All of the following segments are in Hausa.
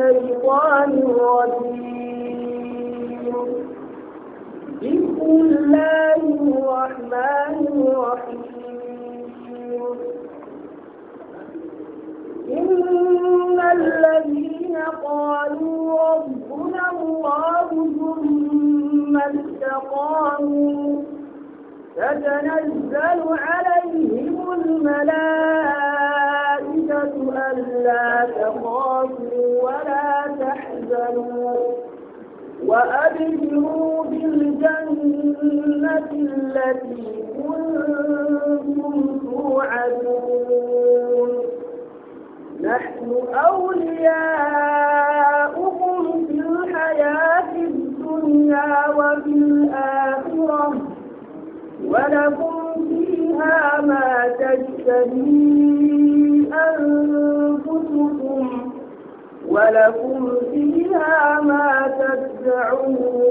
الشيطان الرجيم بسم الله الرحمن الرحيم إن الذين قالوا ربنا الله ثم استقاموا تتنزل عليهم الملائكة ألا تخافوا ولا تحزنوا وأبشروا بالجنة التي كنتم توعدون نحن أولياؤكم في الحياة الدنيا وفي الآخرة ولكم فيها ما تشتهي أنفسكم ولكم فيها ما تدعون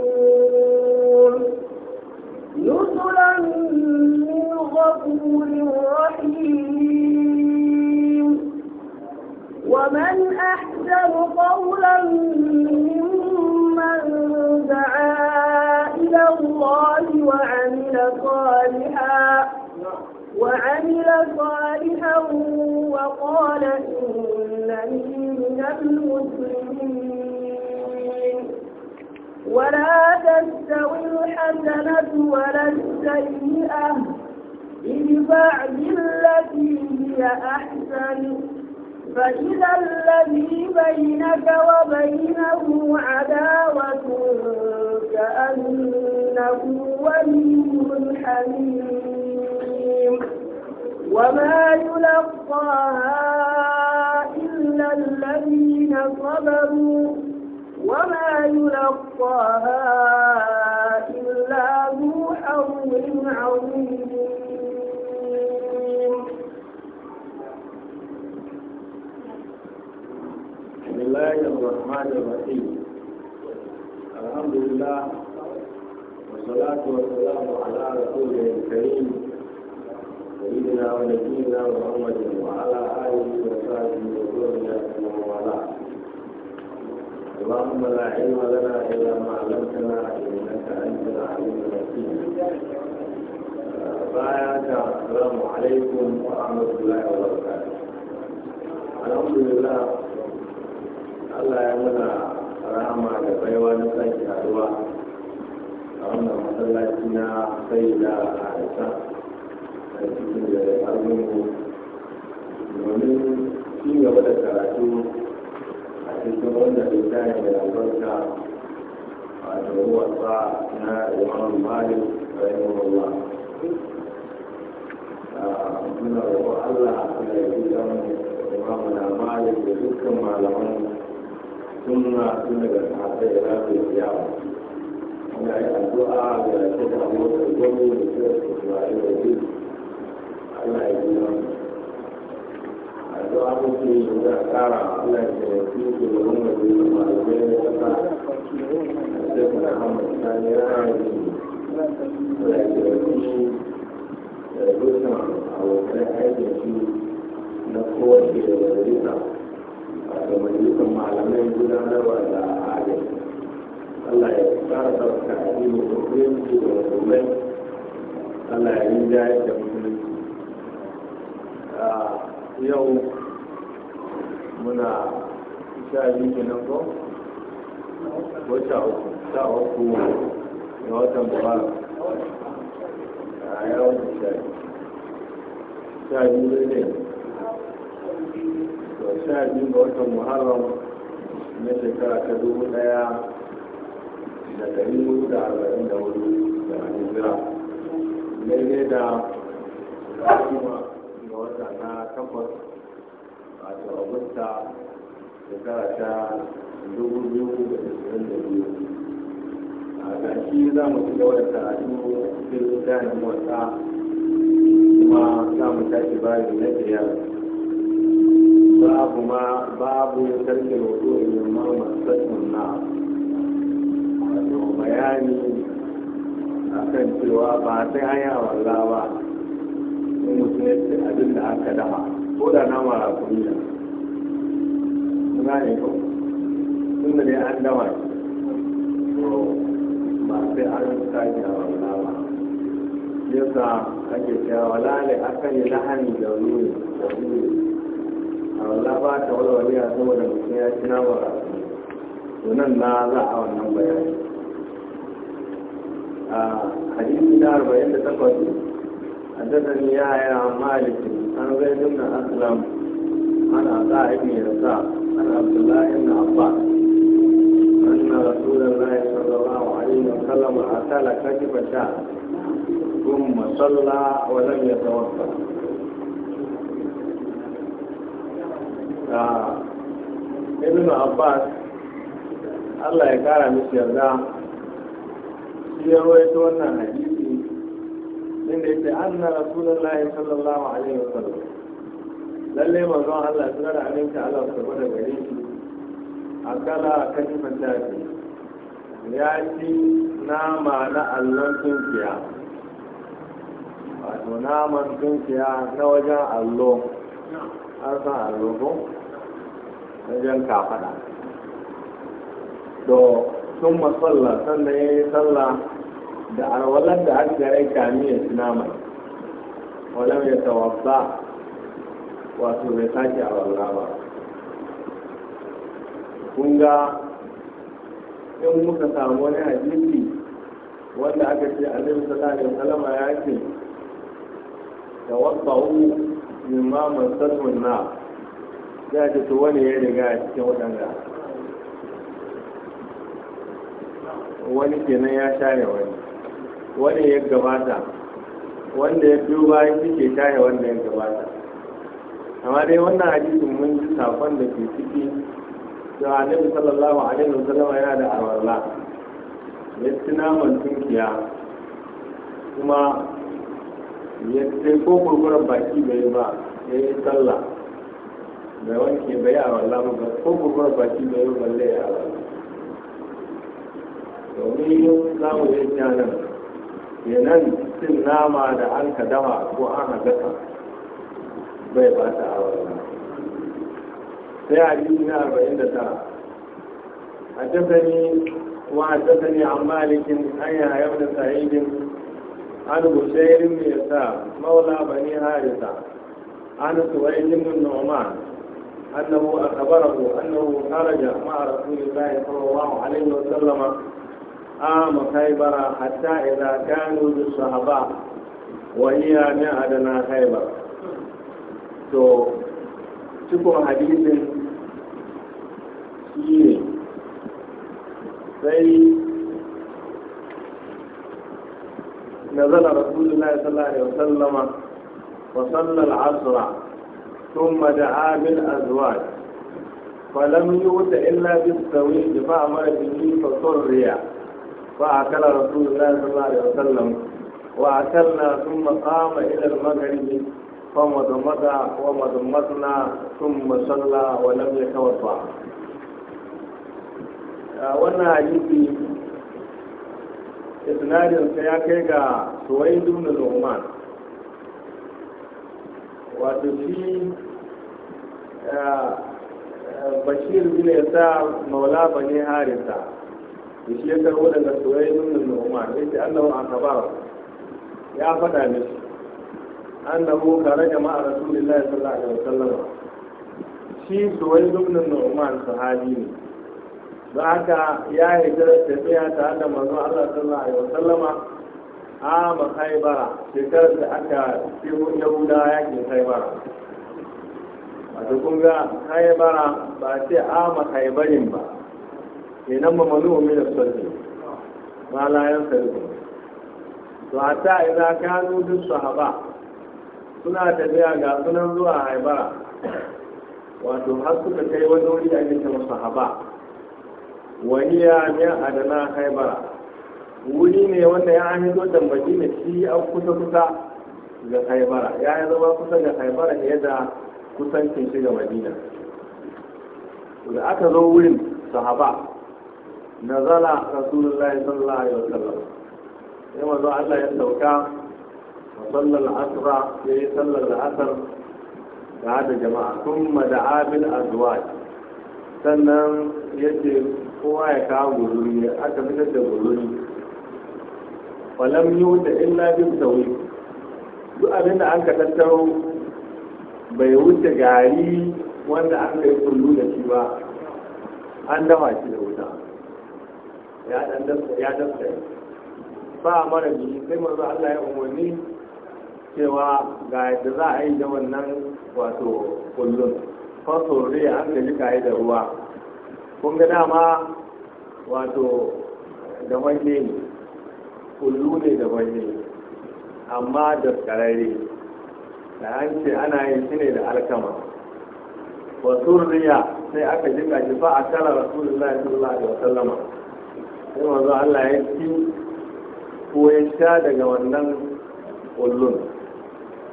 نزلا من غفور رحيم ومن أحسن قولا ممن دعا إلى الله وعمل صالحا وعمل صالحا وقال إنني من المسلمين ولا تستوي الحسنة ولا السيئة ادفع بالتي هي أحسن فإذا الذي بينك وبينه عداوة كأنه ولي حميم وما يلقاها إلا الذين صبروا وما يلقاها إلا ذو حظ عظيم بسم الله الرحمن الرحيم الحمد لله والصلاة والسلام على رسوله الكريم سيدنا ونبينا محمد وعلى آله وصحبه وسلم ومن والاه اللهم لا علم لنا إلا ما علمتنا إنك أنت العليم الحكيم بارك السلام عليكم ورحمة الله وبركاته الحمد لله Allah ya muna rahama da baiwa na sake haduwa سيدنا wannan a cikin da ci gaba da karatu a cikin wannan littafin da albarka a jaruwar allah ya na da malaman sunna tun addu'a ga shi suna yi a zuwa muke yi da tsara suna da yaki da wani wajen da malamai da kasa da kuma hamadu ta ne rana yi suna da yaki da dukkan abokan aikin shi na kowace da majalisa da majalisar malamai gudanarwa da agaji Allah ya tsara tsarka a yi mutum da musulmai Allah ya yi jayar da musulunci yau muna sha biyu kenan ko ko sha uku sha uku na watan mubarak a yawon sha biyu sha biyu ne to sha biyu ga watan muharram na shekara ta dubu daya da dari hudu da arba'in da hudu da hijira daidai da kuma ga wata na takwas wato agusta da ta dubu biyu da ishirin da biyu a gashi za mu ci gaba da karatu a cikin littafin wata kuma za mu tashi bayan na biyar babu ma babu sarkin hoto in mama sassan na wato bayani akan cewa ba sai an yi a ba in mutum ya abin da aka dama ko da nama a kuri da suna ne kawai tun da ne an dama ba sai an sake a wala ba yasa ake cewa wala ne aka yi lahani da ruri da ruri a wala ba ta walwali a saboda mutum ya ci nama a kuri nan na za a wannan bayani a hadisi na arba'in da takwas حدثني يا عن مالك أنا زيد بن اسلم عن عطاء بن يسار عن عبد الله بن عباس ان رسول الله صلى الله عليه وسلم اكل كتف شعر ثم صلى ولم يتوضا آه، ابن عباس الله يكرم مثل ذا في روايه wannan hadisi inda yake anna rasulullahi sallallahu alaihi wasallam lalle manzon Allah suna da aminci Allah su gaba da gare shi akala katifan dafi ya ci nama na allon tunkiya wato naman tunkiya na wajen allo an san allo ko wajen kafada to sun masalla sannan ya yi sallah da alwalar da har gare ka ya ci nama walam ya tawabba wato bai sake a alwala ba kun ga in muka samu wani hadisi wanda aka ce annabi sallallahu alaihi wasallam ya ce tawabba'u mimma masatun na ya ce to wani ya riga a cikin waɗanda wani kenan ya share wani wanda ya gabata wanda ya biyo bayan suke tare wanda ya gabata amma dai wannan hadisin mun ji safon da ke ciki da annabi sallallahu alaihi wasallam yana da arwalla ya tuna naman tunkiya kuma ya sai ko kurkuren baki bai ba ya yi sallah bai wanke bai arwalla ba ko kurkuren baki bai balle ya walla domin za mu yi nan nan cin nama da an ka dama ko an haɗaka bai ba ta sai a yi na arba'in da ta. a tattani wa a tattani a malikin hanyar hayar da sa'idin an gushairin mai sa maula bani harisa an suwai jimin noma annahu a kabarahu annahu karaja ma'a rasulullahi sallallahu alaihi wasallama عام خيبر حتى إذا كانوا بالصحباء وهي أدنى خيبر تو تكو حديث shi ne sai رسول الله صلى الله عليه وسلم sallal العصر ثم دعا بالأزواج فلم يؤت إلا بالسويد فأمر به فصريا فأكل رسول الله صلى الله عليه وسلم وأكلنا ثم قام إلى المغرب فمضمض ومضمضنا ثم صلى ولم يتوضأ wannan hadisi isnadinsa ya kai ga suwai duna nu'man wato shi bashir bin yasa maula bane harisa da shi ya karbo daga soyayya nuna da umar ya ce annahu akabar ya faɗa ne. mishi annahu kare jama'a rasulullahi sallallahu alaihi wasallam shi soyayya nuna da sahabi ne don haka ya yi tafiya tare da manzon Allah sallallahu alaihi wasallama a makaibara shekarar da aka fi yahuda yakin kaibara A kun ga kaibara ba ce a makaibarin ba kenan mamalu min as-sunni ma la yansaru to a hatta idan kanu duk sahaba suna tafiya ga sunan zuwa haibara wato har suka kai wani wuri da ake sahaba wani ya min adana haibara wuri ne wanda ya an hito da madina shi an kusa kusa ga haibara ya yi zama kusa ga haibara ne da kusancin shi ga madina da aka zo wurin sahaba نزل رسول الله صلى الله عليه وسلم يوم ذو الله يتوكا وصلى العصر يصلى العصر بعد جماعة ثم دعا بالأزواج sannan ya ce kowa ya kawo guzuri aka fitar da guzuri falam yi illa bin sauyi duk abin da an ka tattaro bai wuce gari wanda an yi kullu da shi ba an dafa shi da wuta ya ya dafta ba mara biyu sai manzo Allah ya umarni cewa ga yadda za a yi da wannan wato kullum fasore ya an gaji kayi da ruwa kun ga dama wato da wanne ne kullu ne da wanne amma da karare da an ce ana yin shi ne da alkama wasu riya sai aka jika shi fa a kala rasulullahi sallallahu alaihi wasallama sai wanzu Allah ya ci ko ya sha daga wannan ƙullun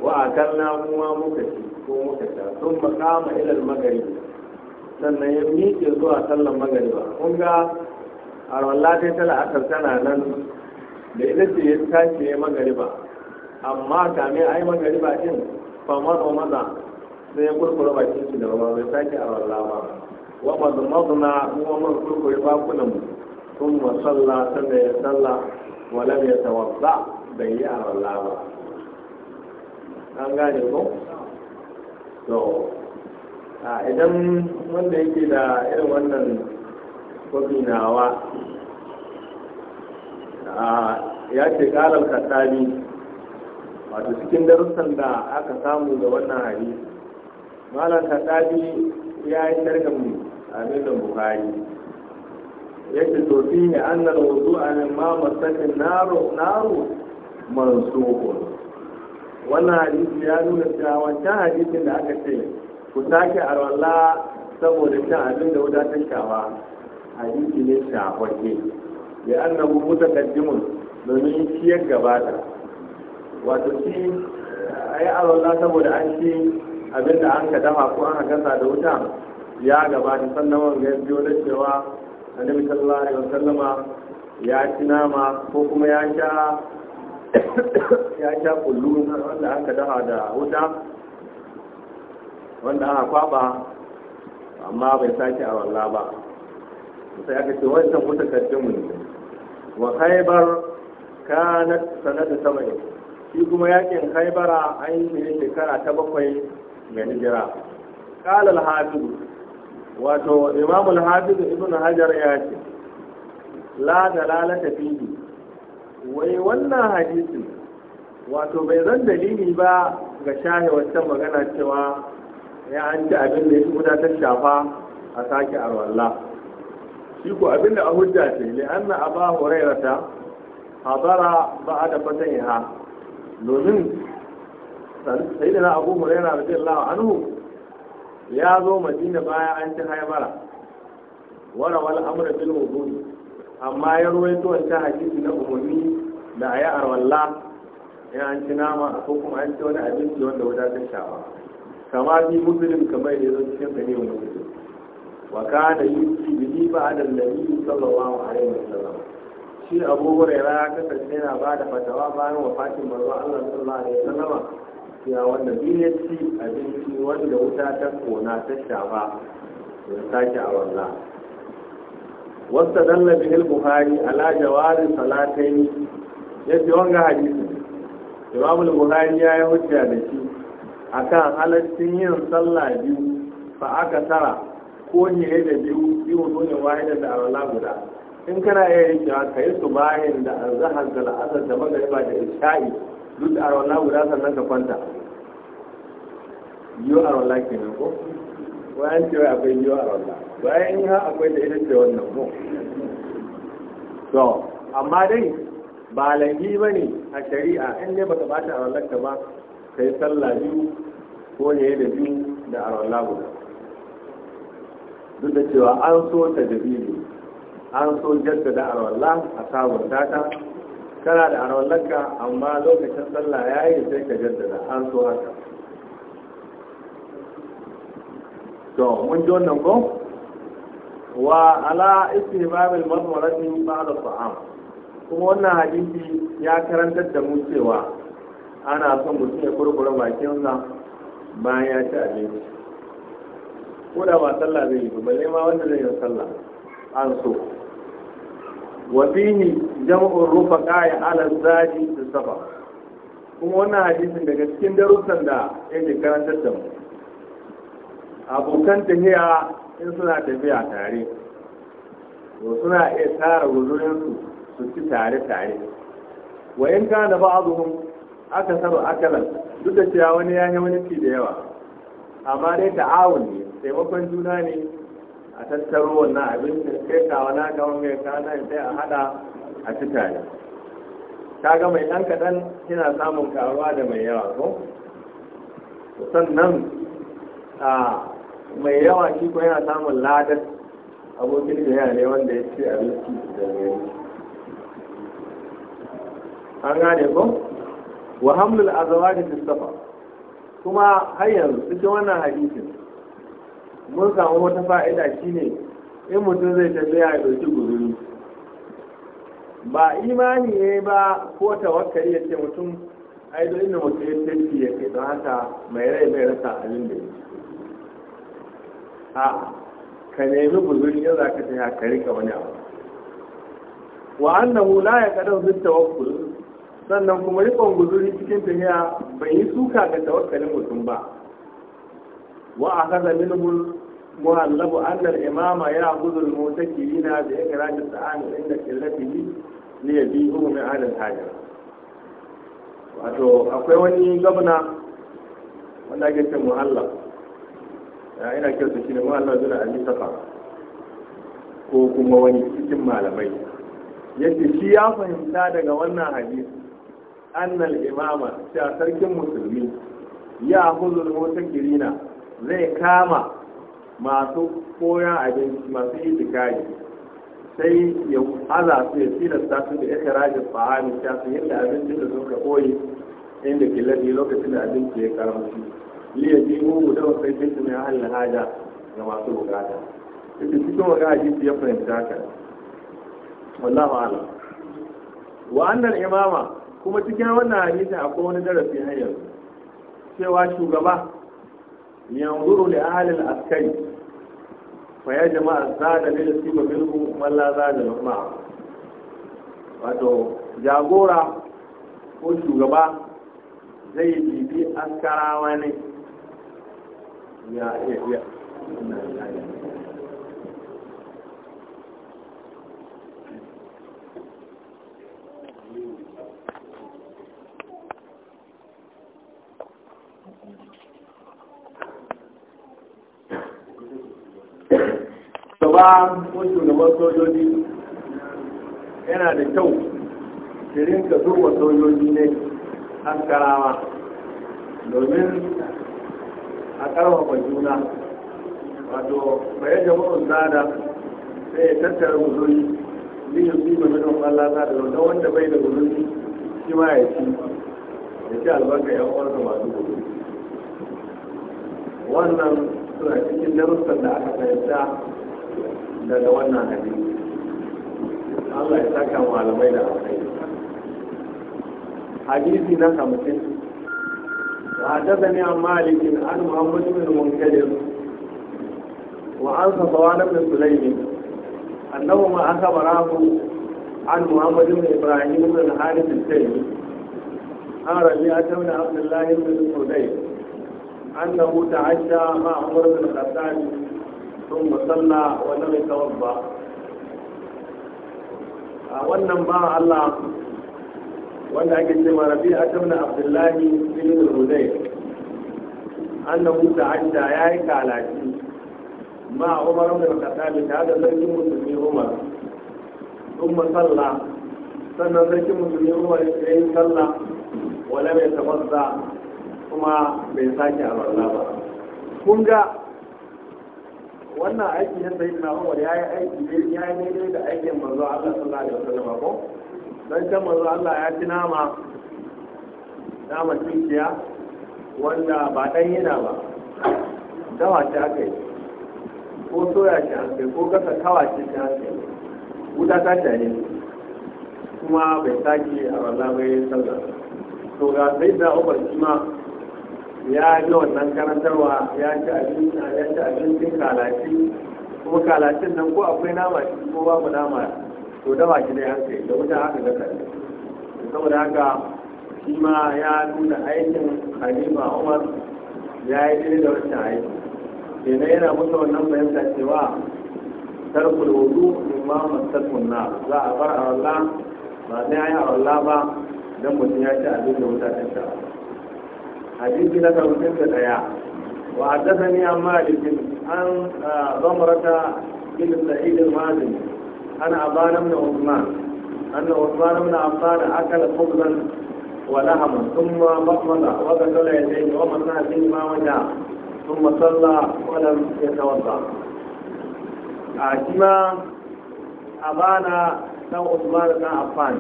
wa a akalna kuma muka ci ko muka sha sun makama ilal magari sannan ya miƙe zuwa sallan ba. kun ga a wallahi ta la'asar tana nan da ita ce ya tashi ya ba. amma kame a yi ba ɗin famar o maza sai ya kurkura bakin shi da ba bai sake a wallahi ba wa mazmazna kuma mun kurkure bakunan mu sun wa sallah sannan ya sallah walam ya tawabba bai yi arwalla ba an gane ko to idan wanda yake da irin wannan kofi ya ce karar kasabi wato cikin darussan da aka samu da wannan hari malar kasabi ya yi targan abin da bukari yake to fi ne an na wuzu a nan ma masakin naro naro wannan hadisi ya nuna cewa wancan hadisin da aka ce ku sake rola saboda cin abin da wuta ta shawa hadisi ne shafake Ya an na ta kaddimun domin shi ya gabata wato shi a yi arola saboda an shi abin da an ka dafa ko an gasa da wuta ya gabata sannan wanga ya biyo da cewa annabi sallallahu alaihi wasallam ya ci nama ko kuma ya sha ya sha kullu wanda aka daha da wuta wanda aka kwaba amma bai sake a walla ba sai aka ce wancan wuta karfin mu ne wa khaybar kanat sanata sab'in shi kuma yakin khaybara an yi shekara ta bakwai ga hijira qala al-hafiz wato Imamul al-hafiz ibn hajar ya ce la dalalata fihi wai wannan hadisi wato bai zan dalili ba ga shahe wancan magana cewa ya an ci abin da ya guda ta shafa a sake arwalla shi ko abin da a hujja ce li anna aba hurairata hadara ba'da fatahiha domin sayyidina abu hurairah radiyallahu anhu ya zo madina baya an ci haibara wala wala amra bil wududi amma ya ruwaito ta hadisi na umarni da ayi arwalla in an ci nama ko kuma an ci wani abinci wanda ta shawa kama bi muslim kamar da zai cikin sahih muslim wa kana yusi bihi ba'da an-nabi sallallahu alaihi wasallam shi abu hurairah ya kasance yana ba da fatawa bayan wafatin manzo Allah sallallahu alaihi wasallam ya wanda bsc abinci wanda wuta ta kona ta shafa ya sake a wannan wasu dalla bihil buhari ala jawarin salatai ya ce wanga hadisi imamul buhari ya yi hujja da shi kan halaccin yin sallah biyu fa aka tara ko ne da biyu biyu ne wahida da arwala guda in kana iya yin ka yi su bayan da azahar da la'asar da magariba da isha'i duk da arwala guda sannan ka kwanta yiwu a rola ke nan ko wayan cewa akwai yiwu a rola bayan in ha akwai da ita ce wannan ko to amma dai ba laifi ba ne a shari'a in dai baka bata a rolar ka ba kai sallah biyu ko ne da biyu da a rola guda duk da cewa an so ta da biyu an so jaddada a rola a samun tata kana da arwallarka amma lokacin sallah ya yi sai ka jaddada an so haka to mun ji wannan ko wa ala istihbab al-marwarati ba'da ta'am kuma wannan hadisi ya karantar da mu cewa ana son mutum ya kurkura bakinsa bayan ya ci abinci ko da ba sallah zai yi ba balle ma wanda zai yi sallah an so wa fihi jam'ur rufaqa ya ala zaji da safa kuma wannan hadisin daga cikin darussan da yake karantar da mu abokan tafiya in suna tafiya tare to suna iya tara guzurinsu su ci tare tare wa in ka da ba'aduhum aka saba akalan duk da cewa wani ya yi wani ci da yawa amma dai ta'awun ne taimakon juna ne a tattaro wannan da kai kawo na ga wani mai kana sai a hada a ci tare kaga mai dan kaɗan yana samun karuwa da mai yawa ko sannan a mai yawa shi ko yana samun ladar abokin da yana ne wanda ya ce abinci da gari an gane ko wa hamlul azwaji fi kuma har yanzu cikin wannan hadisin mun samu wata fa'ida shine in mutum zai tafiya ya ɗauki guzuri ba imani ne ba ko tawakkali ya ce mutum ai duk inda mutum ya tafi ya ke don haka mai rai bai rasa abin da yake a ka nemi guzuri yau za ka tafiya ka rika wani abu wa annahu la ya kadan zai tawakkul sannan kuma rikon guzuri cikin tafiya bai yi suka ga tawakkalin mutum ba wa a kaza minhul muhallabu annal imama ya guzul kirina da ya kira da sa'ani inda kirafi ne ya bi hu min alal wato akwai wani gwamna wanda ake ce muhallabu ya ina kyautu shi ne Allah zuna abi safa ko kuma wani cikin malamai yadda shi ya fahimta daga wannan hadisi annal imama cewa sarkin musulmi ya huzul girina. zai kama masu koyan abinci masu itikari sai ya haza su ya tilasta su da ikirajin fahimi ta su yadda abincin da suka koyi inda killabi lokacin da abinci ya karamci liya jibo mu da wasu kai su mai halin haja ga masu bukata ita cikin wa gaji su ya fahimta ka wallahu ala wa annan imama kuma cikin wannan hadisi akwai wani darasi har yanzu cewa shugaba yanzuru li ahalil askari fa ya jama'a zada lil siba minhu man la zada ma'a wato jagora ko shugaba zai bibi askarawa ne ya ya ya Gaba ko shugaban sojoji yana da kyau shirin ka turwa sojoji ne an karawa domin a karfafa juna wato bayan mutum zada sai ya tattara guzuri bishin su ba mutum Allah za da don wanda bai da guzuri shi ma ya ci ya ci albarka ya uwarka masu guzuri wannan suna cikin darussan da aka fahimta daga wannan hadisi Allah ya saka malamai da alkhairi hadisi na hamsin حدثني عن مالك عن محمد بن منكدر وعن صفوان بن سليم أنهما أخبراه عن محمد بن إبراهيم بن الحارث السيد عن ربيعة بن عبد الله بن الحديث أنه تعشى مع عمر بن الخطاب ثم صلى ولم يتوضأ wannan ba Allah wanda ake ce ma rabi a tabna abdullahi bin rudai annahu ya yi kalaci ma umar bin al-khattab ta da sarkin musulmi umar thumma masalla. sannan sarkin musulmi umar ya yi sallah wala mai tafassa kuma bai sake abarna ba kun ga wannan aiki na sayyidina umar yayi aiki yayi daidai da aikin manzo Allah sallallahu alaihi wasallam ko don can mazu Allah ya ci nama nama cikiya wanda ba ɗan yana ba dawa ce aka yi ko soya ce an kai ko kasa kawa ce ce kai wuta ta tare kuma bai sake a wallah bai sallar to ga sai da ubar shi ma ya yi wannan karantarwa ya ci abinci ya ci abincin kalaci kuma kalacin nan ko akwai nama ko babu nama to dawa shi ne haka da wuta haka da kan saboda haka shi ma ya nuna aikin halima umar ya yi ɗaya da wancan aiki kenan yana musu wannan fahimta cewa tarkul wudu min ma masakun na za a bar a wallah ba sai an yi a wallah ba dan mutum ya ci abin da wuta ta sha hadisi na karfin da daya wa haddathani an malikin an ah, zamrata bin sa'id al-mazini أنا عبان من عثمان أن عثمان بن عفان أكل خبزا ولهما ثم مضمض وغسل يديه ومسح ما وجاء ثم صلى ولم يتوضأ أعجما أبانا نو عثمان بن عفان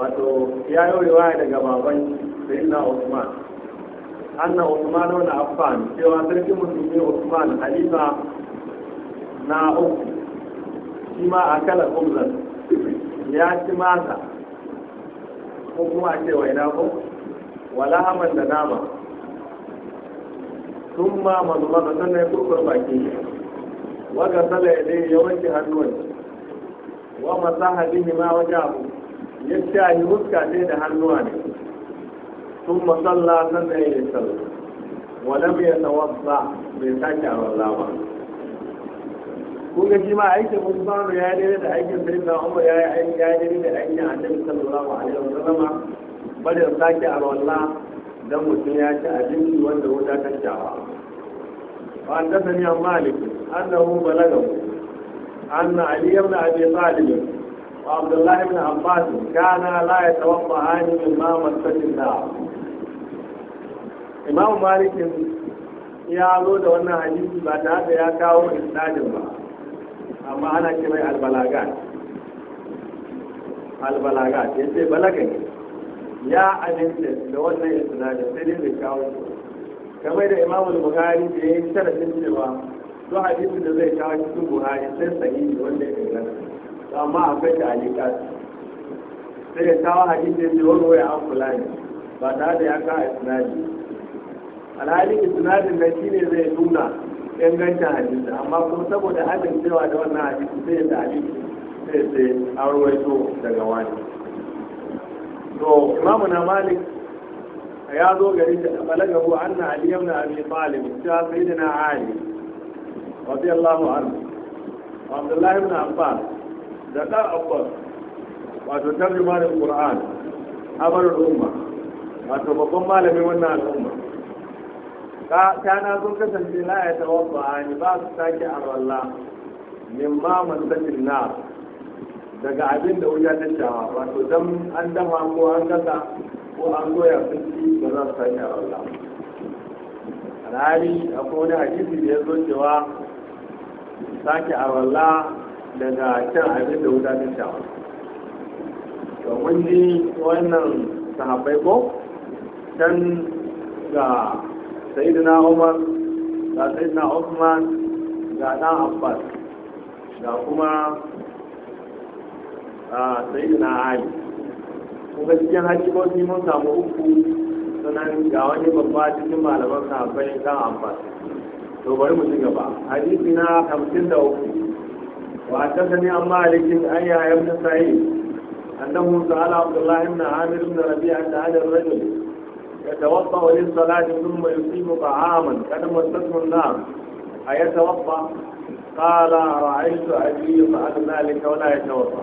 wato ya yi riwaya daga baban sayyidina Usman anna Usman wani Affan cewa sarkin musulmi Usman halifa na uku shi ma a kala kumzar ya ci masa ko kuma a ce waina ko wala haman da nama sun ma mazumata sannan ya kurkur baki waga sala ya dai yawanci hannuwan wa masaha bihi ma waje abu ya shahi huska ne da hannuwa ne sun masalla sannan ya yi sallah ولم يتوضا من سجع ba. kuga shi ma aikin Usmanu ya daidai da aikin Sayyidina Umar ya yi aiki ya daidai da aikin Annabi sallallahu alaihi wasallam barin sake alwala dan mutum ya ci abinci wanda wuta ta shawa wa haddathani an malik annahu balagahu anna ali ibn abi talib wa abdullah ibn abbas kana la yatawaffa'ani min ma masakin da imam malik ya zo da wannan hadisi ba tare da ya kawo isnadin ba amma ana ce mai albalagat albalagat ya ce balagai ya aminta da wannan isnadin sai dai zai kawo kamar da imamu buhari da ya yi sharafin cewa su hadisin da zai kawo cikin buhari sai da wanda ya su amma akwai ta alikat sai ya kawo hadisin da wani waya an ne ba tare da ya kawo isnadi alhali isnadin shi ne zai nuna ingancin hadisi amma kuma saboda amincewa da wannan hadisi sai da hadisi sai sai an ruwaito daga wani to imamu na malik ya zo gari da balaga hu na ali ibn abi talib ta sayyidina ali radiyallahu anhu abdullahi na abbas da da abbas wato tarjuma da qur'an abar umma wato babban malamin wannan al'umma Ka kana sun kasance la ya tawaffa ani ba su sake a arwalla min ma manzakin na daga abin da wuya ta shawa wato dan an dama ko an gasa ko an goya sun ci ba za su sake arwalla alhali akwai wani hadisi da ya zo cewa sake a arwalla daga can abin da wuta ta shawa to kun ji wannan sahabbai ko can ga sayyidina umar ga sayyidina usman ga dan abbas ga kuma sayyidina ali kuma cikin ko mun samu uku sanan ga wani babba cikin malaman sahabbai dan abbas to bari mu ci gaba hadisi na 53 وحدثني عن مالك أن يحيى سعيد أنه سأل عبد الله بن عامر بن ربيعة عن الرجل يتوضأ للصلاة ثم يصيب طعاما كان مسته النار أيتوضأ قال رأيت أبي يفعل ذلك ولا يتوضأ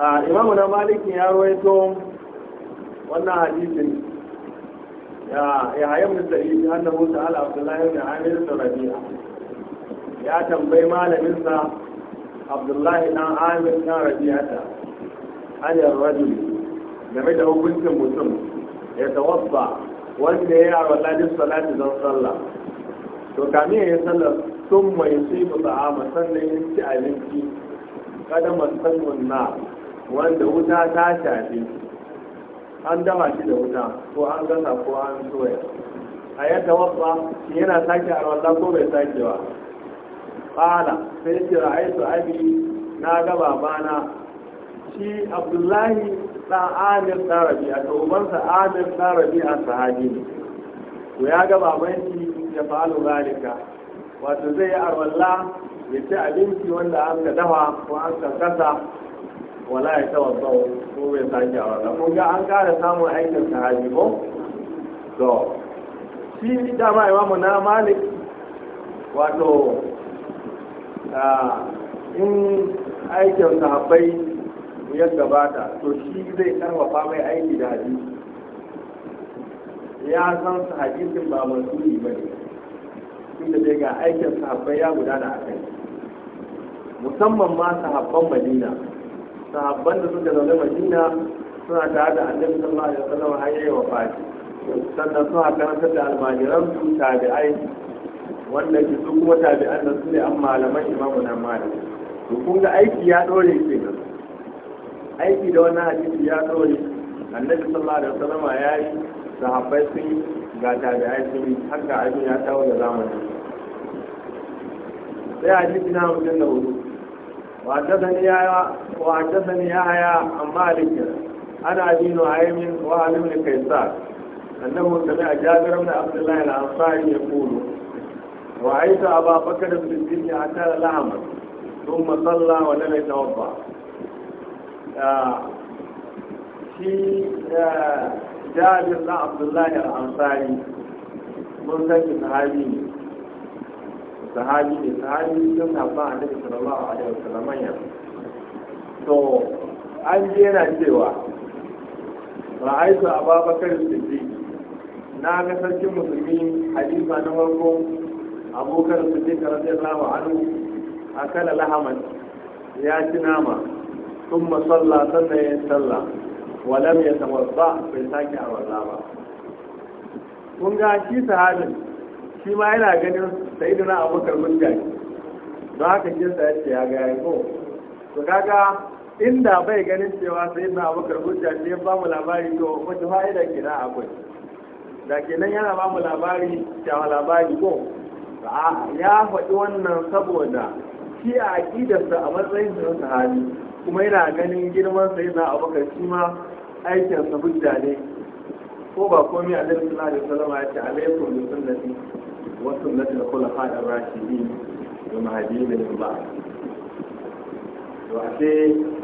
آه إمامنا مالك يا رويتم وانا حديث يا يا يمن سعيد أنه سأل عبد الله بن عامر ربيعة يا تنبي مال منسى عبد الله بن عامر بن ربيعة عن الرجل game da hukuncin mutum ya tawabba wanda ya yaro ladin salati don sallah to kami ya yi sallar sun mai yi mu a masannin yin ci abinci kada musamman na wanda wuta ta shafi an dama shi da wuta ko an gasa ko an soya a ya wasa yana sake a wanda ko bai sakewa ƙala sai ce su abi na ga babana shi abdullahi da amir da rabi'a to ubansa amir da rabi'a sahabi ne to ya ga babanki ya fa'alu zalika wato zai yi arwalla ya ci abinci wanda an ka dafa ko an ka kasa wala ya tawa tsawo ko bai sake arwalla kun ga an kara samun aikin sahabi ko to shi dama imamu na malik wato in aikin sahabbai ku ya gabata to shi zai karfafa mai aiki da hadisi ya san su hadisin ba yi ba ne da dai ga aikin sahabbai ya gudana a kai musamman ma sahabban madina sahabban da suka zaune madina suna tare da annabi sallallahu alaihi wasallam har yayi wafati sannan suna karantar da almajiran su tabi'ai wanda ke su kuma tabi'an da su ne an malaman imamu na malik to kun ga aiki ya dore kenan aiki da wani hadisi ya tsori annabi sallallahu alaihi wasallam ya yi sahabbai sun yi ga tabi ai sun yi har ga abin ya tawo da zamani sai hadisi na mutum da hudu wa ta sani ya haya amma alikin ana dino a yamin wa alimin kaisa annabi sami a jabirar da abdullahi al'amfani ya kuro wa aisa a ba fakarar da zirgin a tara lahamar ثم صلى ولم يتوضا shi jabir na abdullahi al'amsari mun sani sahabi ne sahabi ne sahabi yin haɓa a daga sallallahu alaihi wasallam ya to an je na cewa ra'aitu ababakar sufi na ga sarkin musulmi hadisa na farko abokar siddiq radiyallahu a kala lahaman ya ci nama sun masalla sannan ya salla walam ya tawazza bai sake a wazza ba kun ga shi sahabin shi ma yana ganin sa'iduna abubakar mun gani don ka jinsa ya ce ya ga ya ko to kaga inda bai ganin cewa sai na abokar hujja ne ba mu labari to wata fa'ida ke na akwai da kenan yana ba mu labari cewa labari ko ya faɗi wannan saboda shi a aƙidarsa a matsayin sa sahabi kuma yana ganin girman sai na abokan shi ma aikin sa hujja ne ko ba komai annabi sallallahu alaihi wasallam ya ce alaikum bi sunnati wa sunnati al-khulafa ar rashidi da mahdiyyin da ba to ashe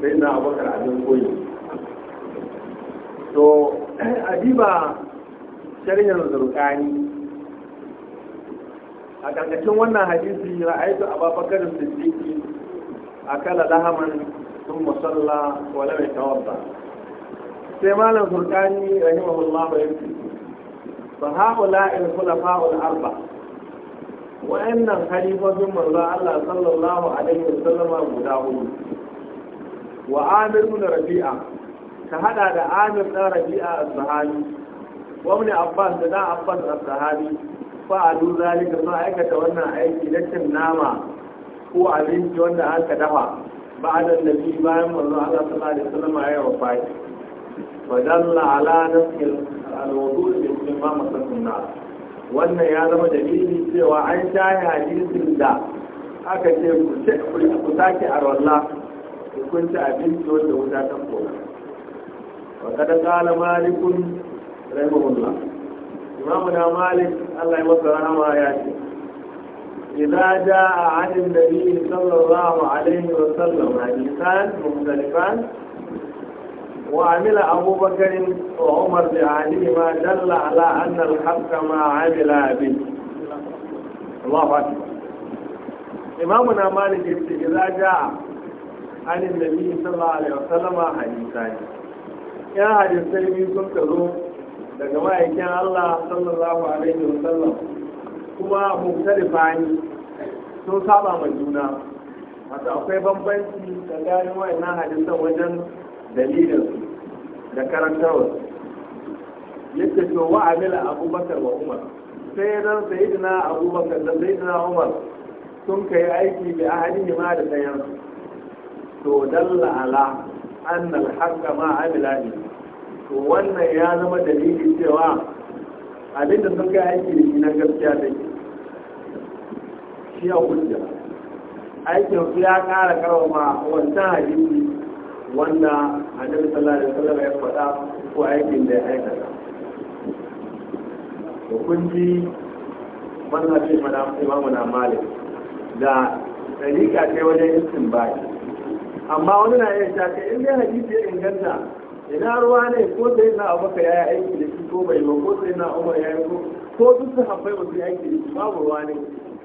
sai na abokan abin koyi to adiba shari'ar zurkani a ƙarƙashin wannan hadisi ra'aytu abubakar siddiqi akala lahaman ثم صلى ولم يتوضا سيمان الفرقاني رحمه الله يبكي فهؤلاء الخلفاء الأربعة وأن خليفة من الله صلى الله عليه وسلم مداوم وعامر بن ربيعة كهذا ده عامر بن ربيعة الصحابي وابن عباس ده عباس الصحابي فعلوا ذلك ما أكت وأن أيدي لكن ناما هو abinci wanda aka dafa بعد النبي bayan والله الله صلى الله عليه وسلم عليه وفاي ودل على نسك الوضوء بما مسك النار wannan ya zama dalili cewa an shaye hadisin da aka ce ku sake a ralla kun ci abinci wanda wuta ta koma wa kada kala malikun rahimahullah imamu na malik Allah ya masa rahama ya ce إذا جاء عن النبي صلى الله عليه وسلم حديثان مختلفان وعمل أبو بكر وعمر بأهلهما دل على أن الحق ما عمل به الله أكبر إمامنا مالك إذا جاء عن النبي صلى الله عليه وسلم حديثان يا حديثين sun ka zo daga ma'aikin Allah sallallahu alaihi wasallam kuma mukhtalifa ne sun saba ma juna wato akwai bambanci tsakanin wayannan hadisan wajen dalilin da karantarwa yake to wa amila abubakar wa umar sai ran sayyidina abubakar da sayyidina umar sun kai aiki bi ahadihi ma da dayan to dalla ala annal haqqa ma amila to wannan ya zama dalili cewa abin da sun ga aiki da shi na gaskiya da ke shi a hujja aikin su ya ƙara ma wancan hadisi wanda annabi sallar da sallar ya faɗa ko aikin da ya aikata to wanda ce mana imamu na malik da dalika ce wajen istinbati amma wani na yin shafi inda dai hadisi ya inganta ina ruwa ne ko sai na abubakar ya yi aiki da shi ko bai ba ko sai na umar ya yi ko duk su haɓai ba su yi aiki da shi babu ruwa ne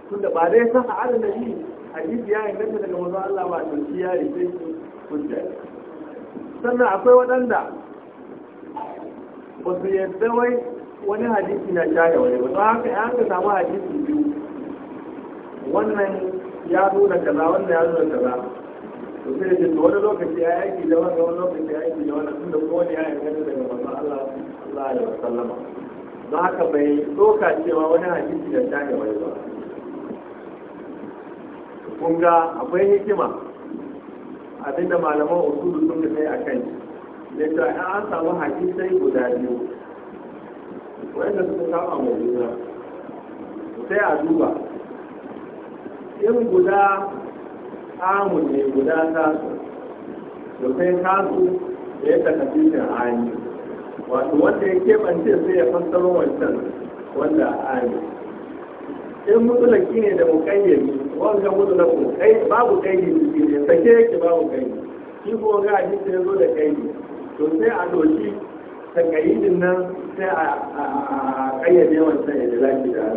tunda ba dai sa a adana shi hadisi ya yi inganta daga manzo Allah ba to shi ya yi shi hujja sannan akwai waɗanda ba su yadda wai wani hadisi na shaya wani ba don haka ya ka samu hadisi biyu wannan ya nuna kaza wannan ya nuna kaza to sai da wani lokaci ya yi aiki da wani wani lokaci ya yi aiki da wani tunda kowane ya yi yarda daga manzon Allah sallallahu alaihi wasallam don haka bai doka cewa wani hadisi da ta gaba ba kun ga akwai hikima abinda malaman usulu sun da sai akan ne to an samu hadisai guda biyu wanda suka saba mu juna sai a duba in guda Kamun ne guda tasu da sai tasu da ya taka titin ayi wato wanda ya kebance sai ya fassaro wancan wanda ayi in mutulaki ne da muƙayyami wanda mutulaku kai babu kaidi ciki ne sake yake babu kai shi ko ga shi ya zo da kaidi to sai a doshi ta kaidin nan sai a kayyade wancan ya da zaki da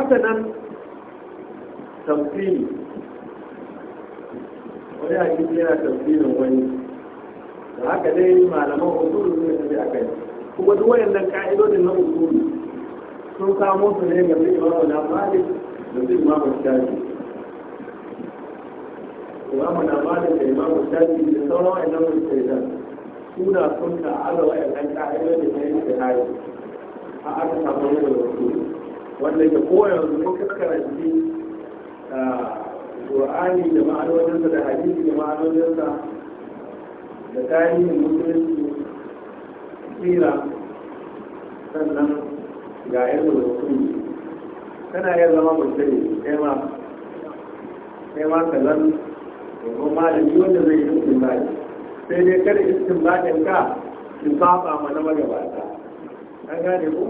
haka nan tamfini wani hadisi yana tamfinin wani da haka dai malaman usulu ne tafi a kai kuma duk wayannan ka'idodin na usulu sun samo su ne ga bin imamu na malik da bin imamu shafi imamu na malik da imamu shafi da sauran wayannan musulman suna sun ta'ala wayannan ka'idodin na yin shahari a aka samu yadda wasu wanda ke koyar da kuma karanci Qur'ani da ma'anoninsa da hadisi da ma'anoninsa da tarihin musulunci tsira sannan ga yan rubutun tana iya zama mutum kai ma kai ma kallon domin malami wanda zai yi mutum bani sai dai kada istin baɗin ka in fafa ma na magabata an gane ku?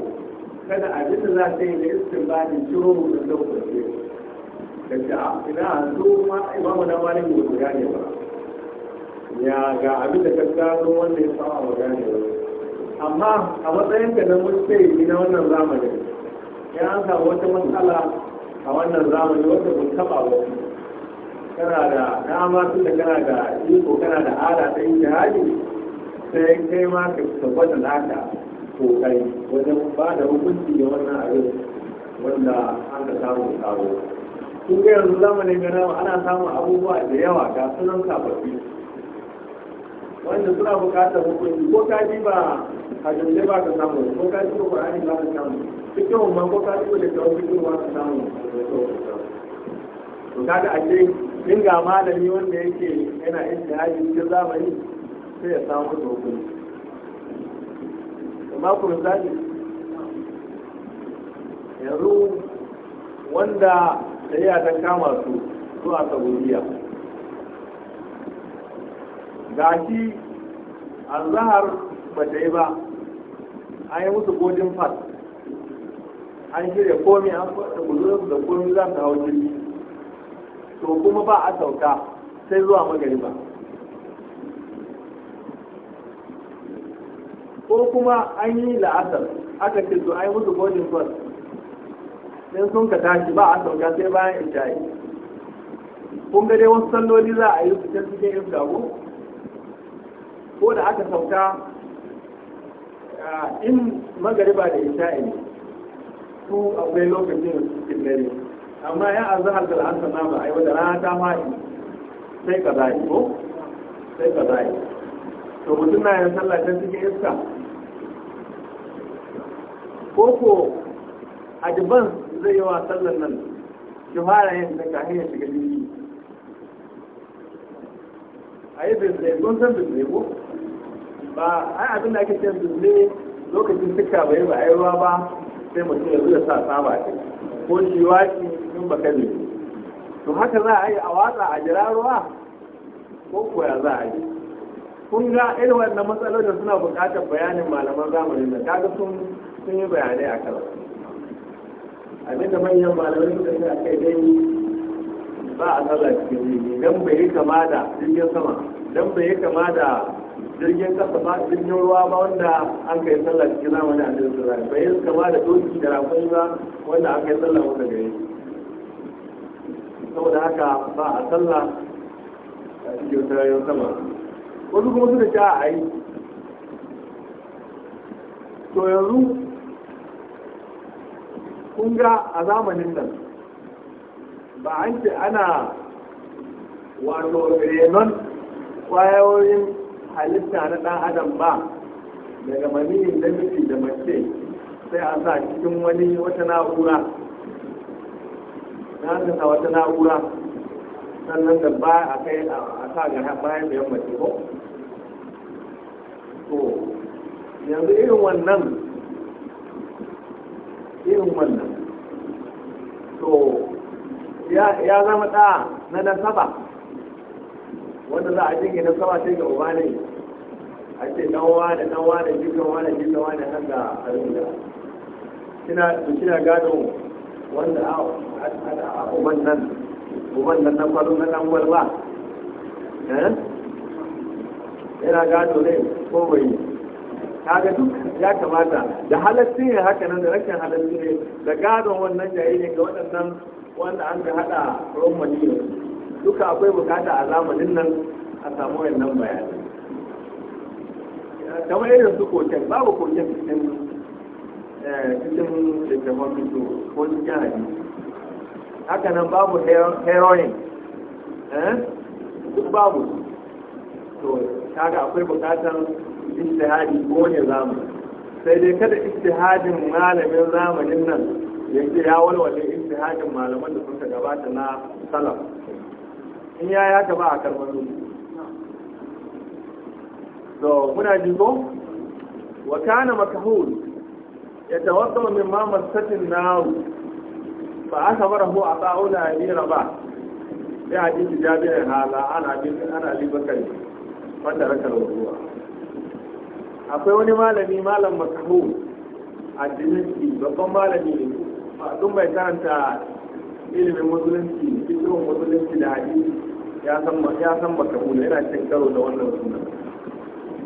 kada abin da za ta yi da istin baɗin ciro mutum da da a, ah, ina so ma na malik ba su gane ba ya ga abin da ka gano wanda ya saba ba ba amma a matsayin ka na mutsari na wannan zamani ya an samu wata matsala a wannan zamani wanda ba taba ba kana da dama tun kana da iko kana da ala ta yin jihadi sai kai ma ka tabbata naka kokari wajen ba da hukunci da wannan abin wanda an ka samu tsaro kun ga yanzu zamanin ganawa ana samun abubuwa da yawa ga sunan sababbi wanda suna bukatar hukunci ko ka ji ba a jimle ba ka samu ko ka ji ba ƙwararri ba ka samu cikin umar ko ka ji ba da kyau cikin ba ka samu to kaga a ce in ga malami wanda yake yana ijtihadi cikin zamani sai ya samu da hukunci amma ku misali yanzu wanda da ya ta kama su zuwa saudiya ga shi azahar ba ta yi ba an yi musu godin fat an shirya komi an faɗa guzurin da komi za ta hau jirgi to kuma ba a sauka sai zuwa ba ko kuma an yi la'asar aka ce to an yi musu godin fat sun sun ka tashi ba a sauka sai bayan isha'i kun ga dai wasu salloli za a yi su can cikin yin gago ko da aka sauka in magariba da isha'i ne su akwai lokacin cikin dare amma ya azhar da al'asar na ba a yi wadda rana ta ma'i sai ka zai ko sai ka zai to mutum na yin sallah can cikin iska ko ko advance zai yi wa nan nan shi fara yin ta hanyar shiga jirgi a yi bizne don san bizne ko ba ai abin da ake cewa bizne lokacin suka bai ba ai ruwa ba sai mutum ya zuwa sa saba ce ko shi waki in ba kaje to haka za a yi a watsa a jira ruwa ko koya za a yi kun ga irin wannan matsalolin suna buƙatar bayanin malaman zamanin da kaga sun sun yi bayanai a kansu abinda manyan malamai suka ce a kai dai ba a sallah cikin jirgi dan bai yi kama da jirgin sama dan bai yi kama da jirgin kasa ba jirgin ruwa ba wanda an kai sallah cikin zamanin annabi sallallahu alaihi bai yi kama da doki da rakon ba wanda an kai sallah wanda gare saboda haka ba a sallah a cikin sararin sama wasu kuma suka ce a yi to yanzu kun ga a zamanin nan ba an ce ana wato renon kwayoyin halitta na ɗan adam ba daga maniyin namiji da mace sai a sa cikin wani wata na'ura na sa wata na'ura sannan da ba a kai a sa ga bayan da yamma ko to yanzu irin wannan irin wannan to ya zama da na nasaba wanda za a jirgin nasaba sai ga uba ne a ce ɗanwa da ɗanwa da jikanwa da jikanwa da nan da haruna kina kina gado wanda a uban nan uban nan na faru na ɗan ba eh? yana gado ne ko bai kaga duk ya kamata da halarci ne haka nan da rashin halarci ne da gadon wannan ne ga waɗannan wanda an ga hada ruwan duka akwai bukata a zamanin nan a samu wannan bayani kamar irin su koken babu koken cikin eh, cikin littafin fito ko cikin hadisi haka nan babu heroin eh, duk babu to kaga akwai bukatan istihadi ko ne zamani sai dai kada istihadin malamin zamanin nan yanzu ya walwale istihadin malaman da suka gabata na salaf in ya ya gaba a karɓar so muna ji ko wa kana makahul yatawadda min ma masatin nar fa akhbarahu ata'una li rabah ya hadisi jabir hala ana bin ana libakari wanda rakar ruwa akwai wani malami malam makahu a dinasti babban malami ne duk mai karanta ilimin musulunci fitowar musulunci da hadisi ya san ya san ne yana cin karo da wannan suna